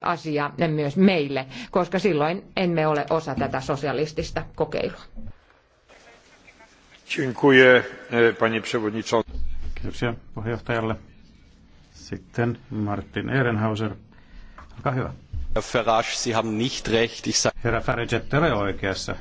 asia myös meille, koska silloin emme ole osa tätä sosialistista kokeilua. Dziękuję, e, panie przewodniczący. Kiitoksia puheenjohtajalle. Sitten Martin Ehrenhauser. Olkaa hyvä. Herr Farage, Sie haben nicht recht. Ich sag... Herra Farage, ette ole oikeassa.